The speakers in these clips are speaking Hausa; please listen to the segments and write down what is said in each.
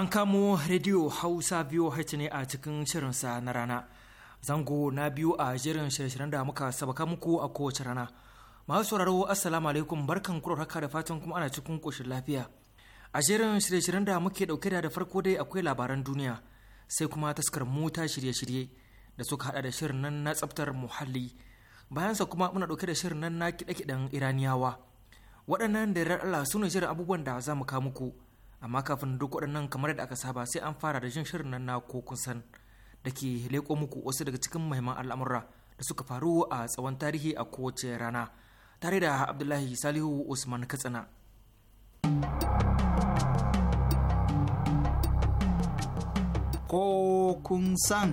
An kamo rediyo Hausa biyu VOH ne a cikin shirinsa na rana. Zango na biyu a jerin shirye da muka sabaka muku a kowace rana. Masu sauraro Assalamu alaikum barkan kurarraka da fatan kuma ana cikin ƙoshin lafiya. A jerin shirye da muke ɗauke da da farko dai akwai labaran duniya sai kuma taskar mota shirye-shirye da suka haɗa da shirin nan na tsaftar muhalli. Bayansa kuma muna ɗauke da shirin nan na kiɗe-kiɗen Iraniyawa. Waɗannan da Allah su ne shirin abubuwan da za mu kawo muku. amma kafin duk waɗannan kamar da aka saba sai an fara da jin shirin nan na ko kun san da ke leƙo muku wasu daga cikin mahimman al'amura da suka faru a tsawon tarihi a kowace rana tare da abdullahi salihu usman katsina ko kun san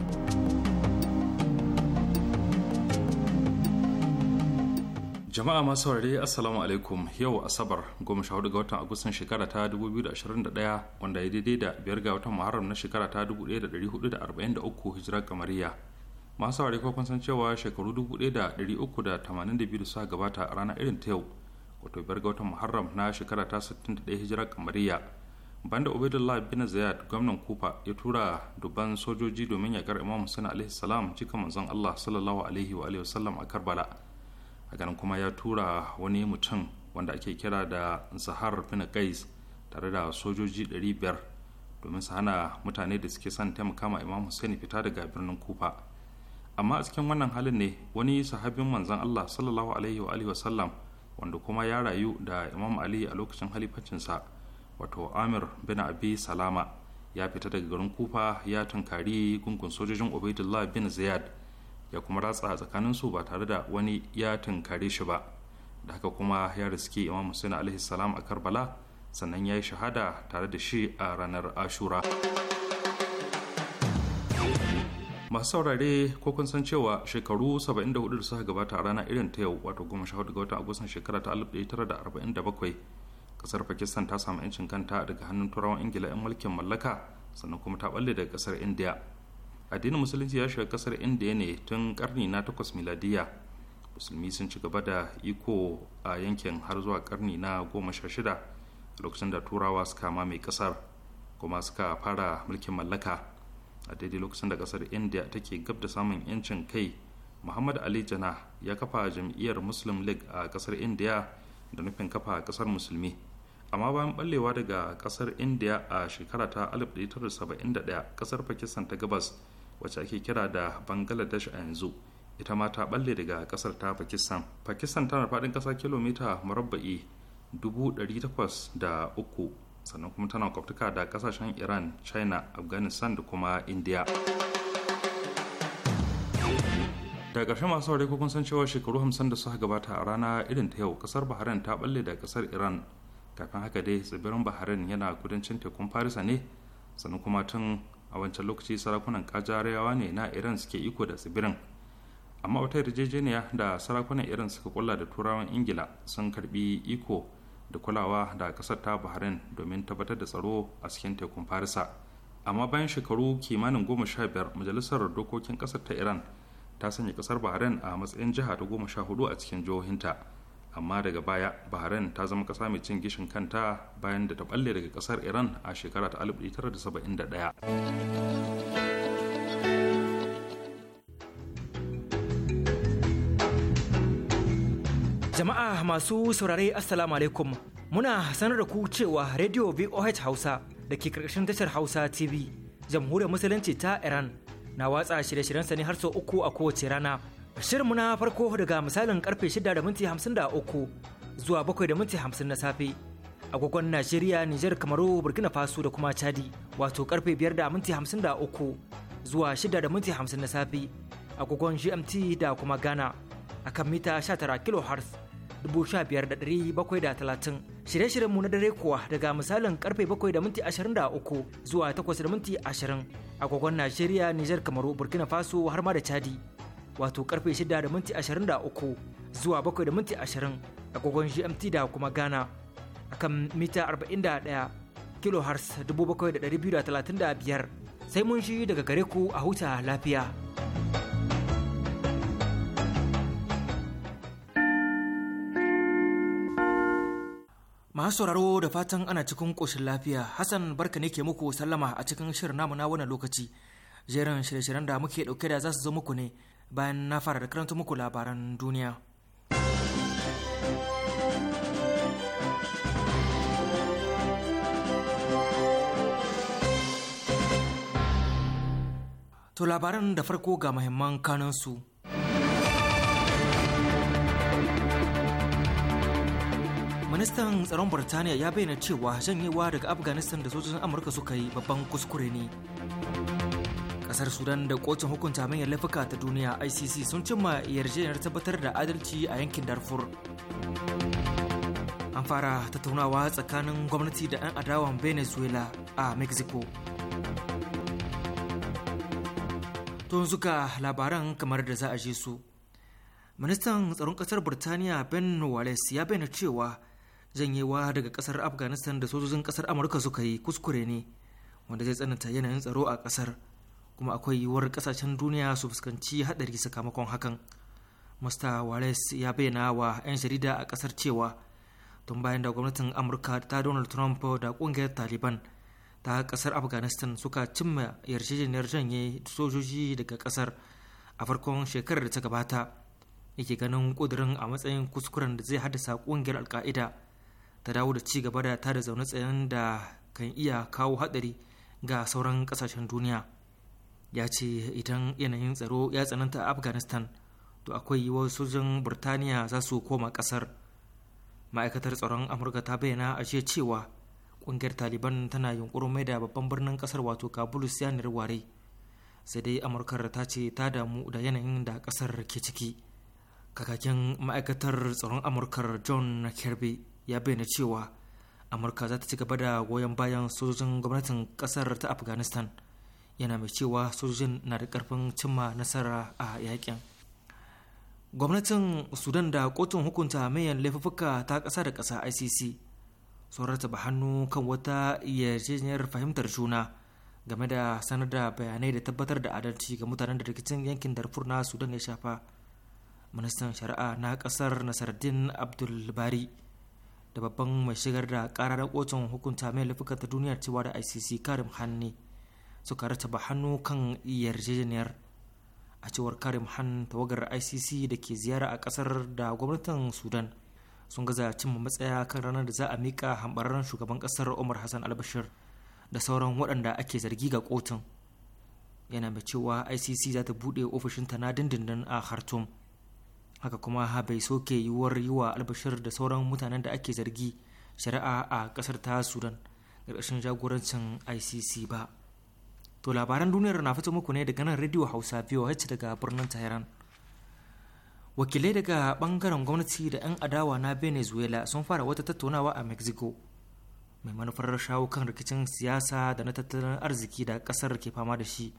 jama'a masu saurare assalamu alaikum yau asabar goma sha hudu ga watan agustan shekara ta 2021 wanda ya daidai da biyar ga watan muharram na shekara ta 1443 hijira kamariya masu saurare ko san cewa shekaru 1382 da suka gabata a ranar irin ta yau wato biyar ga watan muharram na shekara ta 61 hijira kamariya banda ubaidullah bin zayat gwamnan kufa ya tura dubban sojoji domin yakar imam hussein alaihi salam cikin manzon allah sallallahu alaihi wa sallam a karbala a ganin kuma ya tura wani mutum wanda ake kira da zahar bin gais tare da sojoji 500 domin su hana mutane da suke son taimaka ma imam hussein fita daga birnin kufa amma a cikin wannan halin ne wani sahabin manzon allah sallallahu alaihi wa alihi wasallam wanda kuma ya rayu da imam ali a lokacin halifacinsa wato amir bin abi salama ya fita daga garin kufa ya tunkari gungun sojojin ubaidullah bin ziyad ya kuma ratsa tsakanin su ba tare da wani ya tunkare shi ba da haka kuma ya riske imam hussein alaihi salam a karbala sannan ya yi shahada tare da shi a ranar ashura masu saurare ko kun san cewa shekaru 74 da suka gabata a rana irin ta yau wato 14 ga watan agustan shekara ta 1947 kasar pakistan ta samu 'yancin kanta daga hannun turawan ingila 'yan mulkin mallaka sannan kuma ta balle daga kasar india addinin musulunci ya shiga kasar indiya ne tun karni na 8 miladiya musulmi sun ci gaba da iko a yankin har zuwa karni na goma 16 lokacin da turawa suka mai kasar kuma suka fara mulkin mallaka a daidai lokacin da kasar indiya take gab da samun yancin kai muhammad ali jana ya kafa jam'iyyar muslim league a kasar indiya da nufin kafa kasar musulmi amma bayan ballewa daga kasar indiya a shekara ta 1971 kasar pakistan ta gabas wacce ake kira da bangladesh a yanzu ita ma ta balle daga kasar ta pakistan pakistan tana faɗin ƙasa kilomita murabba'i 803 sannan kuma tana kwaftuka da kasashen iran china afghanistan da kuma india da ƙarshe masu saurari kukun san cewa shekaru 50 da suka gabata a rana irin ta yau kasar bahrain ta balle da kasar iran kafin haka dai tsibirin bahrain yana kudancin tekun farisa ne sannan kuma tun a wancan lokaci sarakunan kajarawa ne na iran suke iko da tsibirin amma wata yarjejeniya da sarakunan iran suka kula da turawan ingila sun karbi iko da kulawa da kasar ta bahrain domin tabbatar da tsaro a cikin tekun farisa amma bayan shekaru kimanin goma sha biyar majalisar dokokin kasar ta iran ta sanya kasar bahrain a matsayin jiha ta goma sha hudu a cikin jihohinta amma daga baya bahrain ta zama kasa mai cin gishin kanta bayan da ta balle daga kasar iran a shekara ta 1971 Jama'a masu saurare Assalamu alaikum muna sanar da ku cewa Radio VOH Hausa da ke karkashin tashar Hausa TV jamhuriyar musulunci ta Iran na watsa shirye shiryen ne har sau uku a kowace rana Shirinmu na farko daga misalin karfe 6:53 da minti zuwa 7:50 da minti na safe. Agogon Najeriya, Nijar, Kamaru, Burkina Faso da kuma Chadi wato karfe 5:53 da minti zuwa 6:50 da minti na safe. Agogon GMT da kuma Ghana akan mita 19 kHz 15730. Shirye-shiryenmu na dare kuwa daga misalin karfe 7:23 da minti zuwa 8:20 da minti agogon Najeriya, Nijar, Kamaru, Burkina Faso har ma da Chadi. wato karfe 6 da minti 23 zuwa 7 da minti 20 agogon GMT da kuma Ghana akan mita 41 kilohertz 7,235 sai mun shi daga gare ku a huta lafiya. Masu sauraro da fatan ana cikin ƙoshin lafiya Hassan barka ne ke muku sallama a cikin shirin namu na wannan lokaci. jerin shirye-shiryen da muke dauke da za su zo muku ne bayan na fara da karanta muku labaran duniya. To labaran da farko ga mahimman kanansu. Ministan tsaron Birtaniya ya bayyana cewa janyewa daga Afghanistan da sojojin Amurka suka yi babban kuskure ne. kasar sudan da kotun hukunta manyan laifuka ta duniya icc sun cimma yarjejeniyar tabbatar da adalci a yankin darfur an fara tattaunawa tsakanin gwamnati da 'yan adawan venezuela a mexico tun zuka labaran kamar da za a je su ministan tsaron kasar birtaniya ben wallace ya bayyana cewa janyewa daga kasar afghanistan da sojojin kasar amurka suka yi kuskure ne wanda zai tsananta yanayin tsaro a kasar kuma akwai yiwuwar kasashen duniya su fuskanci haɗari sakamakon hakan mr wales ya bayyana wa 'yan jarida a kasar cewa tun bayan da gwamnatin amurka ta donald trump da ƙungiyar taliban ta ƙasar afghanistan suka cimma yarjejeniyar janye sojoji daga ƙasar a farkon shekarar da ta gabata yake ganin ƙudurin a matsayin kuskuren da zai haddasa ƙungiyar alka'ida ta dawo da ci gaba da tada zaune tsayen da kan iya kawo haɗari ga sauran ƙasashen duniya ya ce idan yanayin tsaro ya tsananta a afghanistan to akwai yiwuwar sojin burtaniya za su koma kasar ma'aikatar tsaron amurka ta bayyana a jiya cewa kungiyar taliban tana yunkurin mai da babban birnin kasar wato kabul siyanar ware sai dai amurkar ta ce ta damu da yanayin da kasar ke ciki kakakin ma'aikatar tsaron amurkar john kirby ya bayyana cewa amurka za ta ci gaba da goyon bayan sojojin gwamnatin kasar ta afghanistan yana mai cewa sojojin na da karfin cimma nasara a yakin gwamnatin sudan da kotun hukunta mayan laifuka ta ƙasa da ƙasa icc sun rataba hannu kan wata yarjejeniyar fahimtar juna game da sanar da bayanai da tabbatar da adalci ga mutanen da rikicin yankin darfur na sudan ya shafa ministan shari'a na kasar nasardin abdulbari da babban mai shigar da kararar kotun hukunta mai laifuka ta duniyar cewa da icc karim hanni suka rataba hannu kan yarjejeniyar a cewar karim han tawagar icc da ke ziyara a kasar da gwamnatin sudan sun gaza cimma matsaya kan ranar da za a mika hambararren shugaban kasar umar hassan albashir da sauran waɗanda ake zargi ga kotun yana mai cewa icc za ta buɗe ofishinta na dindindin a khartoum haka kuma ha bai soke yiwuwar yi wa albashir da sauran mutanen da ake zargi shari'a a kasar ta sudan ƙarƙashin jagorancin icc ba To labaran duniyar na fito muku ne daga nan Radio Hausa VOH daga birnin Tehran. Wakilai daga bangaren gwamnati da 'yan adawa na Venezuela sun fara wata tattaunawa a Mexico. Mai manufar shawo kan rikicin siyasa da na tattalin arziki da kasar ke fama da shi.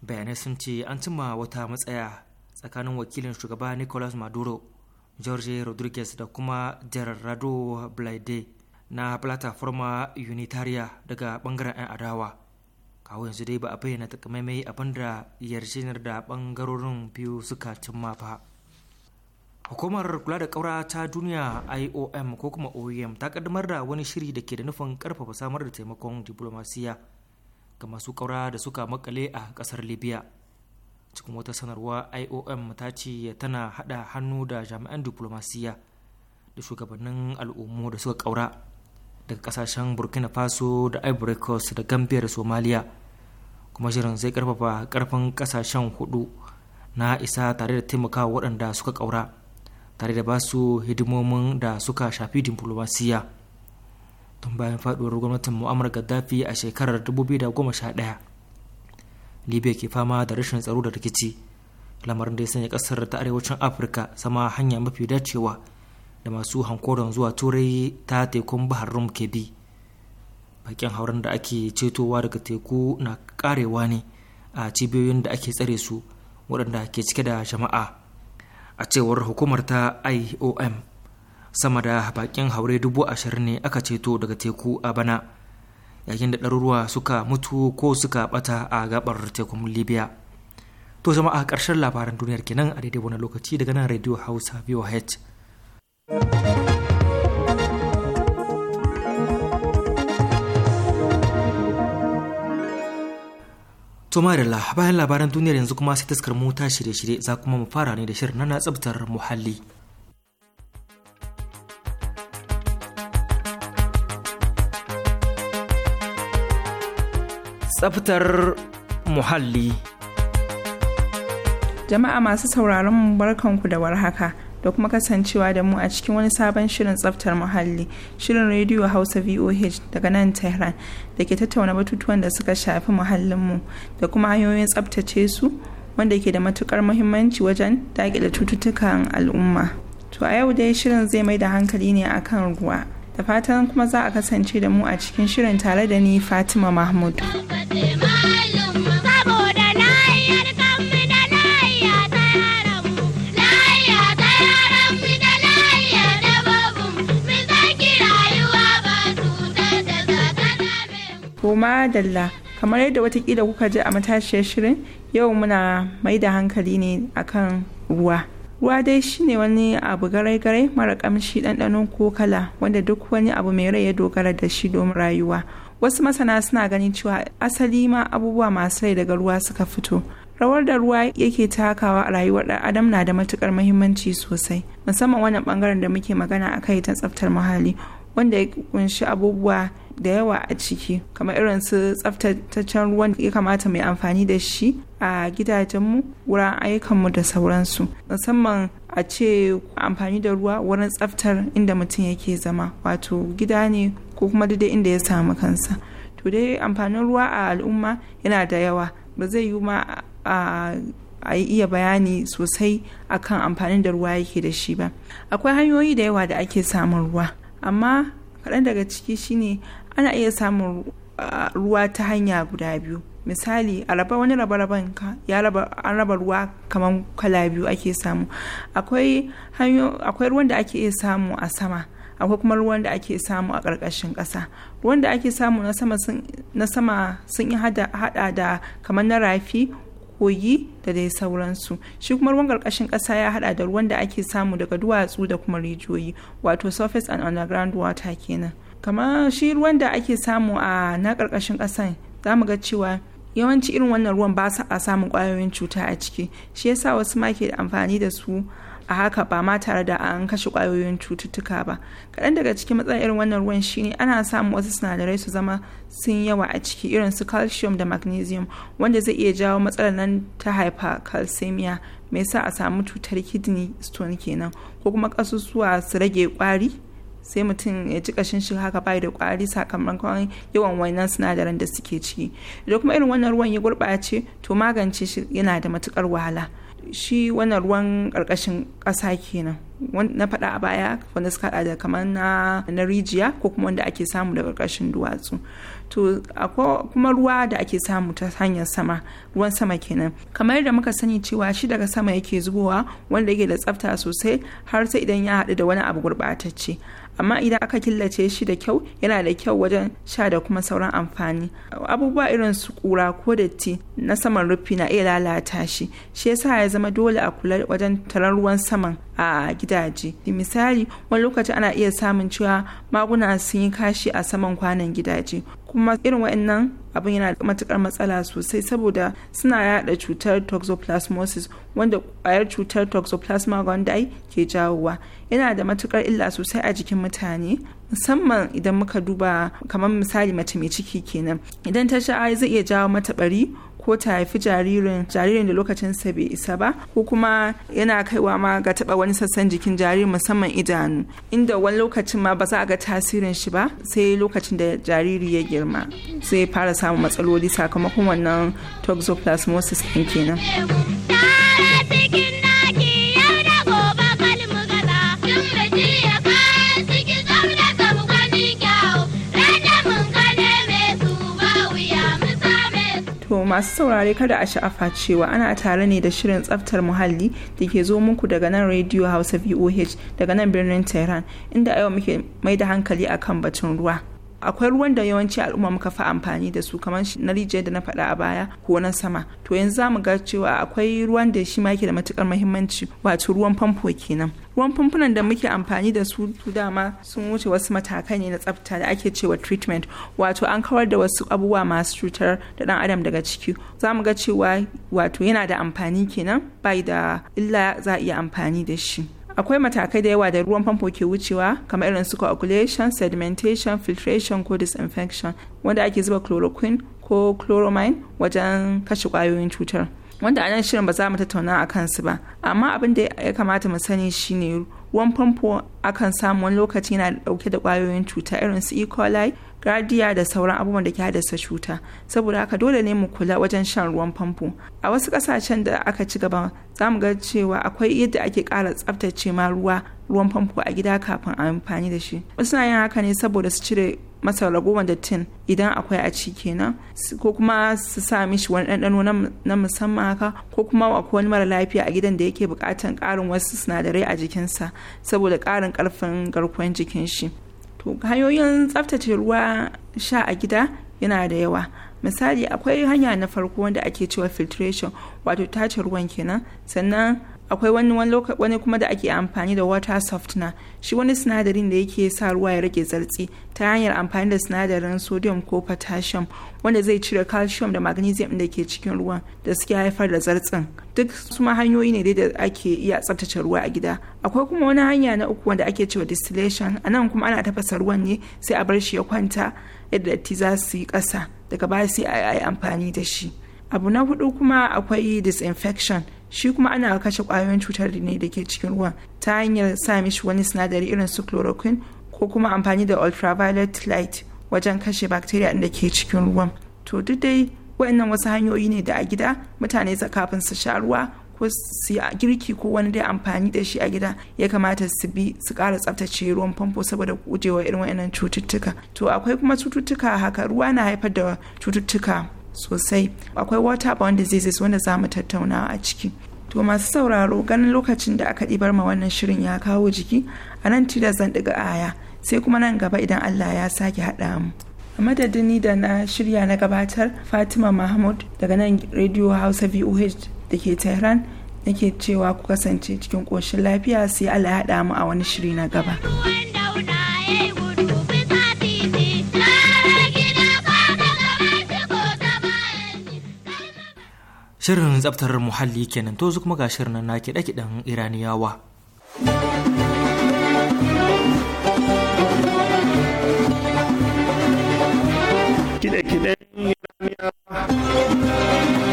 Bayanai sun ce an cimma wata matsaya tsakanin wakilin shugaba Nicolas Maduro, Jorge Rodriguez da kuma Gerardo Blaide na Plataforma Unitaria daga bangaren 'yan adawa. kawo yanzu dai ba a bayyana takamaimai abin da yarjejeniyar da bangarorin biyu suka cimma ba hukumar kula da kaura ta duniya iom ko kuma oem ta kaddamar da wani shiri da ke da nufin karfafa samar da taimakon diplomasiya ga masu kaura da suka makale a kasar libya cikin wata sanarwa iom ta ce tana hada hannu da jami'an diplomasiya da shugabannin al'ummu da suka kaura daga kasashen burkina faso da ivory coast da gambia da somalia kuma shirin zai karfafa karfin kasashen hudu na isa tare da taimakawa waɗanda suka ƙaura tare da basu hidimomin da suka shafi diplomasiya tun bayan faduwar gwamnatin mu'amar gaddafi a shekarar 2011 libya ke fama da rashin tsaro da rikici lamarin da ya sanya kasar ta arewacin afirka sama hanya mafi dacewa da masu hankoron zuwa turai ta tekun bahar rum ke bi bakin hauren da ake cetowa daga teku na karewa ne a cibiyoyin da ake tsare su waɗanda ke cike da jama'a a cewar hukumar ta iom sama da bakin haure dubu ashirin ne aka ceto daga teku a bana yayin da ɗaruruwa suka mutu ko suka bata a gabar tekun libya to jama'a karshen labaran duniyar kenan a daidai wani lokaci daga nan radio hausa voh To Marilla, bayan labaran duniyar yanzu kuma sai taskar mota ta shirye-shirye za kuma mu fara ne da shirin na tsabtar muhalli. Tsabtar muhalli. Jama'a masu sauraron barkanku da warhaka. da kuma kasancewa da mu a cikin wani sabon shirin tsaftar muhalli shirin rediyo hausa voh daga nan tehran da ke tattauna batutuwan da suka shafi muhallinmu da kuma hanyoyin tsaftace su wanda ke da matukar muhimmanci wajen daƙile cututtukan al'umma to a yau dai shirin zai mai da hankali ne a kan ruwa da fatan kuma za a kasance da mu a cikin shirin tare da ni fatima mahmud To dalla kamar yadda watakila kuka ji a matashiyar shirin yau muna mai da hankali ne akan ruwa. Ruwa dai shine wani abu garai-garai mara kamshi ɗanɗanon ko kala wanda duk wani abu mai rai ya dogara da shi domin rayuwa. Wasu masana suna ganin cewa asali ma abubuwa masu rai daga ruwa suka fito. rawar da ruwa yake takawa a rayuwar ɗan adam na da matukar muhimmanci sosai musamman wannan bangaren da muke magana akai ta tsaftar muhalli wanda ya kunshi abubuwa da yawa a ciki kamar irin su tsaftataccen ruwan ya kamata mai amfani da shi a gidajenmu wurin ayyukanmu da sauransu musamman a ce amfani da ruwa wurin tsaftar inda mutum yake zama wato gida ne ko kuma duk inda ya samu kansa to dai amfanin ruwa a al'umma yana da yawa ba zai yi ma a yi iya bayani sosai akan amfanin da ruwa yake da shi ba akwai hanyoyi da yawa da ake samun ruwa amma kaɗan daga ciki shine ana iya samun ruwa ta hanya guda biyu misali a raba wani raba-raban ya raba ruwa kamar kala biyu ake samu akwai ruwan da ake iya samu a sama akwai kuma ruwan da ake samu a ƙarƙashin ƙasa ruwan da ake samu na sama sun yi hada da kamar na rafi kogi da dai sauransu shi kuma ruwan ƙarƙashin ƙasa ya hada da ruwan da ake samu daga duwatsu da kuma rijiyoyi wato surface and underground water kenan kamar shi ruwan da ake samu a na karkashin ƙasan za mu ga cewa yawanci irin wannan ruwan ba a samun kwayoyin cuta a ciki shi yasa wasu ma ke amfani da su a haka ba ma tare da an kashe kwayoyin cututtuka ba kaɗan daga cikin matsalar irin wannan ruwan shine ana samun wasu sinadarai su zama sun yawa a ciki irin su calcium da magnesium wanda zai iya jawo matsalar nan ta hypercalcemia mai sa a samu cutar kidney stone kenan ko kuma ƙasusuwa su rage kwari. sai mutum ya ci kashin shi haka bai da kwari sakamakon yawan wannan sinadaran da suke ciki idan kuma irin wannan ruwan ya gurɓace to magance shi yana da matukar wahala shi wannan ruwan ƙarƙashin ƙasa kenan na faɗa a baya wanda suka haɗa da kamar na rijiya ko kuma wanda ake samu da ƙarƙashin duwatsu to akwai kuma ruwa da ake samu ta hanyar sama ruwan sama kenan kamar yadda muka sani cewa shi daga sama yake zubowa wanda yake da tsafta sosai har sai idan ya haɗu da wani abu gurɓatacce amma idan aka killace shi da kyau yana da kyau wajen sha da kuma sauran amfani abubuwa irin su kura ko datti na saman rufi na iya lalata shi shi yasa ya zama dole a kula wajen tarar ruwan saman a gidaje misali wani lokaci ana iya samun cewa maguna sun yi kashi a saman kwanan gidaje kuma irin wa'annan abin yana da matukar matsala sosai saboda suna yada cutar toxoplasmosis wanda kwayar cutar toxoplasma gondii ke jawowa yana da matukar illa sosai a jikin mutane musamman idan muka duba kamar misali mace mai ciki kenan idan ta sha zai iya jawo mata bari ko ta haifi jaririn jaririn da lokacin sa bai isa ba ko kuma yana kaiwa ma ga taba wani sassan jikin jaririn musamman idanu inda wani lokacin ma ba za a ga tasirin shi ba sai lokacin da jariri ya girma sai fara samun matsaloli sakamakon wannan toxoplasmosis ɗin kenan. To masu saurare kada a sha'afa cewa ana tare ne da shirin tsaftar muhalli da ke zo muku daga nan Radio Hausa VOH daga nan birnin Tehran inda a yau muke mai da hankali akan batun ruwa. akwai ruwan da yawanci al'umma muka fi amfani da su kamar na rijiyar da na faɗa a baya ko na sama to yanzu za mu ga cewa akwai ruwan da shi ma yake da matukar mahimmanci wato ruwan famfo kenan ruwan famfunan da muke amfani da su dama sun wuce wasu matakai ne na tsafta da ake cewa treatment wato an kawar da wasu abubuwa masu cutar da dan adam daga ciki za mu ga cewa wato yana da amfani kenan bai da illa za a iya amfani da shi akwai matakai da yawa da ruwan famfo ke wucewa kamar irin su coagulation sedimentation filtration ko disinfection wanda ake zuba chloroquine ko chloramine wajen kashe kwayoyin cutar wanda anan shirin ba za mu tattauna a kansu ba amma abin da ya kamata mu sani shine ruwan famfo akan samu wani lokaci yana dauke da kwayoyin cuta irin su e. coli gadiya da sauran abubuwan da ke haddasa cuta saboda haka dole ne mu kula wajen shan ruwan famfo a wasu kasashen da aka ci gaba za mu ga cewa akwai yadda ake kara tsaftace ma ruwa ruwan famfo a gida kafin a amfani da shi wasu na yin haka ne saboda su cire masa ragowar dattin idan akwai a ci kenan ko kuma su sa mishi wani ɗanɗano na musamman haka ko kuma akwai wani mara lafiya a gidan da yake bukatan ƙarin wasu sinadarai a jikinsa saboda ƙarin ƙarfin garkuwar jikin shi to hanyoyin tsaftace ruwa sha a gida yana da yawa misali akwai hanya na farko wanda ake cewa filtration wato tace ruwan kenan sannan akwai wani wani kuma da ake amfani da water softener shi wani sinadarin da yake sa ruwa ya rage zartsi ta hanyar amfani da sinadarin sodium ko potassium wanda zai cire calcium da magnesium da ke cikin ruwan da suke haifar da zartsin duk su ma hanyoyi ne da ake iya tsabtace ruwa a gida akwai kuma wani hanya na uku wanda ake cewa distillation a nan kuma ana tafasa ruwan ne sai a bar shi ya kwanta yadda datti za su yi kasa, daga baya sai a yi amfani da shi abu na hudu kuma akwai disinfection shi kuma ana kashe kwayoyin cutar ne da ke cikin ruwan ta hanyar sa mishi wani sinadari irin su chloroquine ko kuma amfani da ultraviolet light wajen kashe bacteria da ke cikin ruwan to duk dai wa'annan wasu hanyoyi ne da a gida mutane kafin su sha ruwa ko su yi girki ko wani dai amfani da shi a gida ya kamata su bi su kara tsaftace ruwan famfo saboda gujewa irin wayannan cututtuka to akwai kuma cututtuka haka ruwa na haifar da cututtuka sosai akwai waterborne diseases wanda za mu tattauna a ciki to masu sauraro ganin lokacin da aka ɗibar ma wannan shirin ya kawo jiki a nan tilas zan ɗiga aya sai kuma nan gaba idan allah ya sake haɗa mu a madadin ni da na shirya na gabatar fatima mahmud daga nan radio hausa voh da ke tehran nake cewa ku kasance cikin ƙoshin lafiya sai allah ya haɗa mu a wani shiri na gaba. Shirin tsabtar muhalli kenan to zuk ga shirin na kiɗe-kiɗen Iraniyawa. Iraniyawa.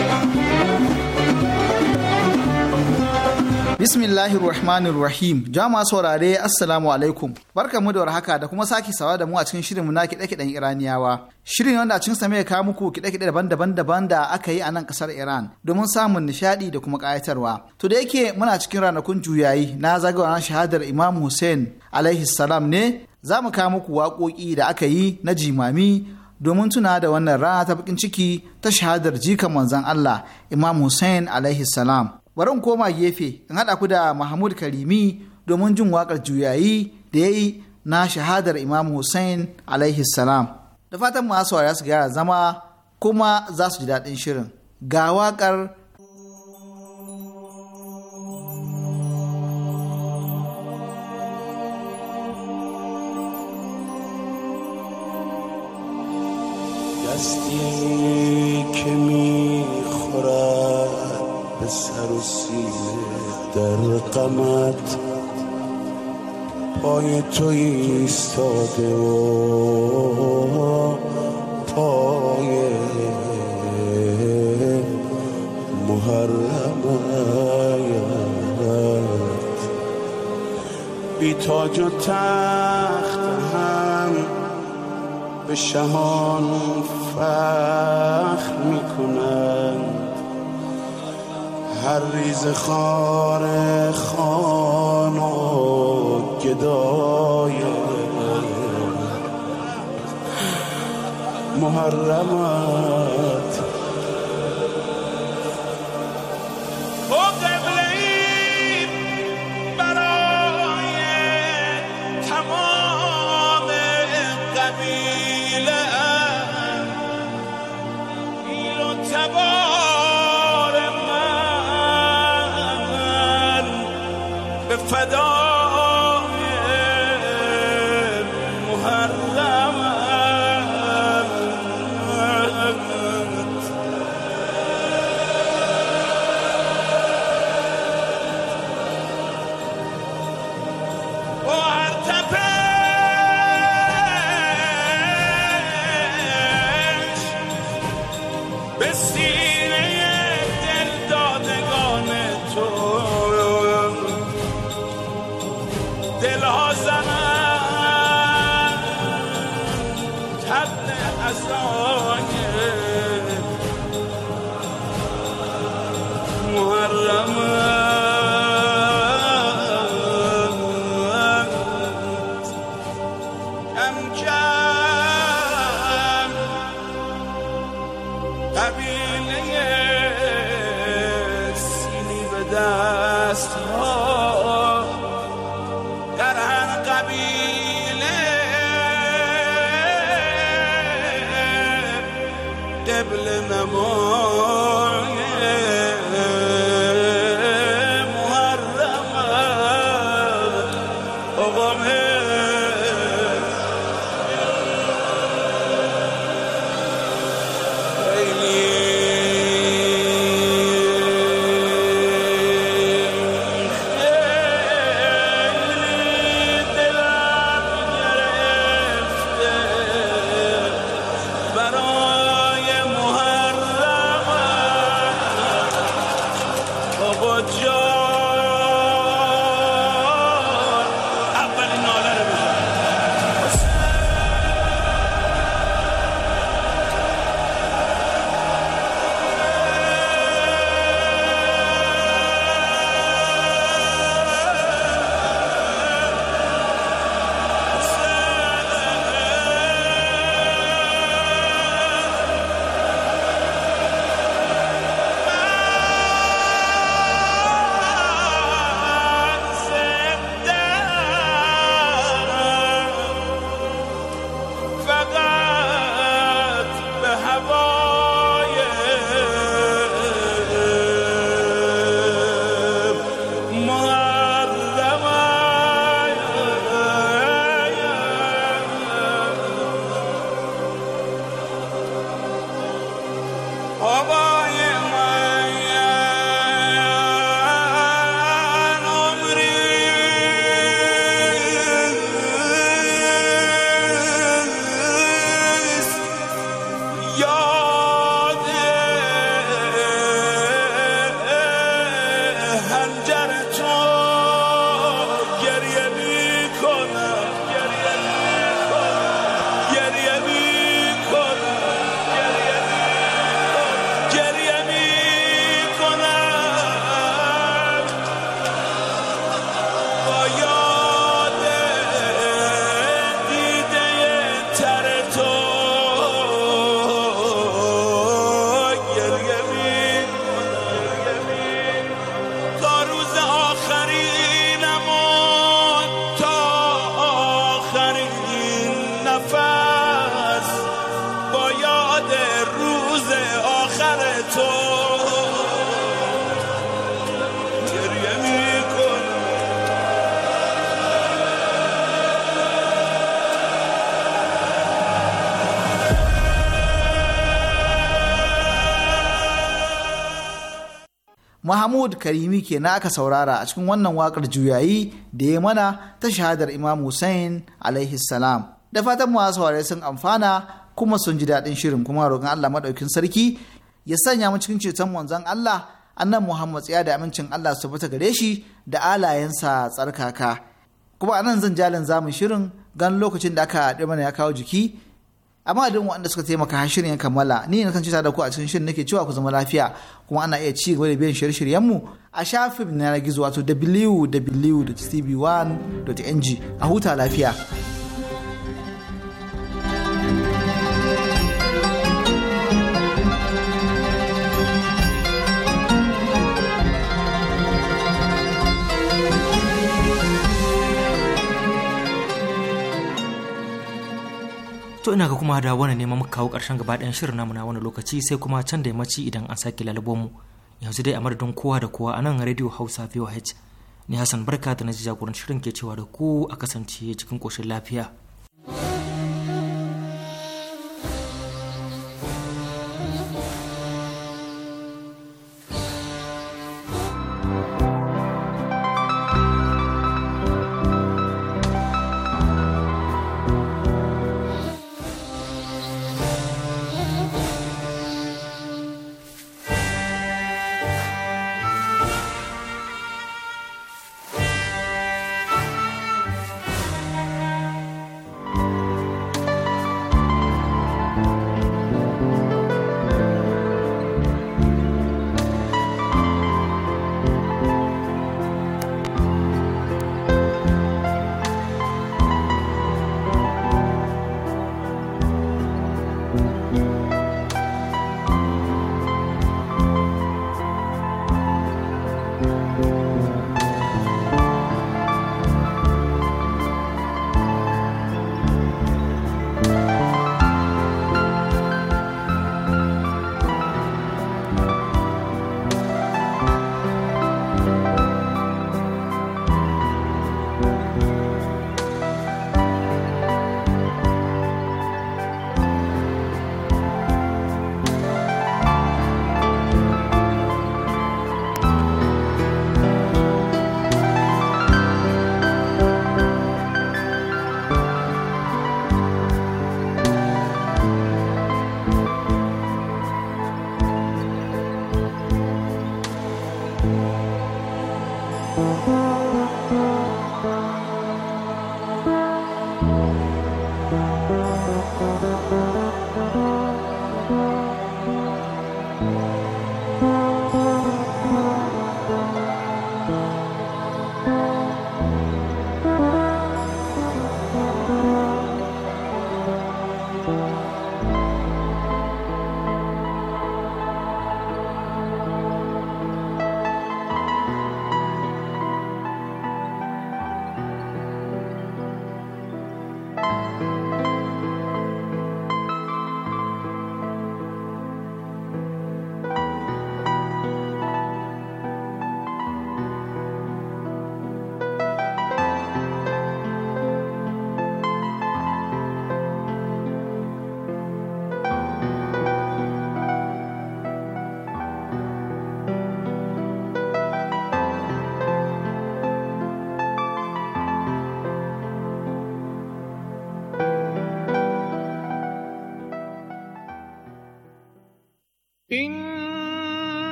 Bismillahir Rahmanir Rahim. Jama'a saurare Assalamu alaikum. Barkamu da warhaka da kuma sake sawa da mu a cikin shirinmu muna kiɗe-kiɗen Iraniyawa. Shirin wanda a cikin sa mai kawo muku kiɗe-kiɗe daban-daban da aka yi a nan ƙasar Iran domin samun nishaɗi da kuma ƙayatarwa. To da yake muna cikin ranakun juyayi na zagawa na shahadar Imam Hussein alaihi salam ne za mu kawo muku waƙoƙi da aka yi na jimami domin tuna da wannan rana ta bakin ciki ta shahadar jikan manzon Allah Imam Hussein alaihi salam. bari in koma gefe in haɗa ku da Mahmud Karimi domin jin waƙar juyayi da ya yi na shahadar Imam Hussein alaihi salam. Da fatan masu ya su gyara zama kuma za su ji daɗin shirin. Ga waƙar دستی که می خورد سر و سینه در قمت پای تو ایستاده و پای محرمت بی تاج و تخت هم به شمان فخر میکند هر ریز خار خان و گدای محرمت FADON Mahmud Karimi ke na aka saurara a cikin wannan wakar juyayi da ya mana ta shahadar Imam Hussein alaihi salam. Da fatan masu saurare sun amfana kuma sun ji daɗin shirin kuma roƙon Allah maɗaukin sarki ya sanya mu cikin ceton wanzan Allah annan Muhammad tsaya da amincin Allah su fita gare shi da alayensa tsarkaka. Kuma anan zan jalin zamun shirin gan lokacin da aka ɗi mana ya kawo jiki amma da waɗanda suka taimaka har shirin ya kammala ni na da ku a cikin shirin nake cewa ku zama lafiya kuma ana iya ci gaba da biyan shirye-shiryen mu a shafin na gizo wato www.tv1.ng a huta lafiya. to ina ga kuma da wani neman muka kawo karshen gaba ɗayan shirin namu na wani lokaci sai kuma can da mace idan an sake lalubo mu yanzu dai a madadin kowa da kowa a nan radio hausa voh ni hassan barka da na ji jagorancin shirin ke cewa da ku a kasance cikin koshin lafiya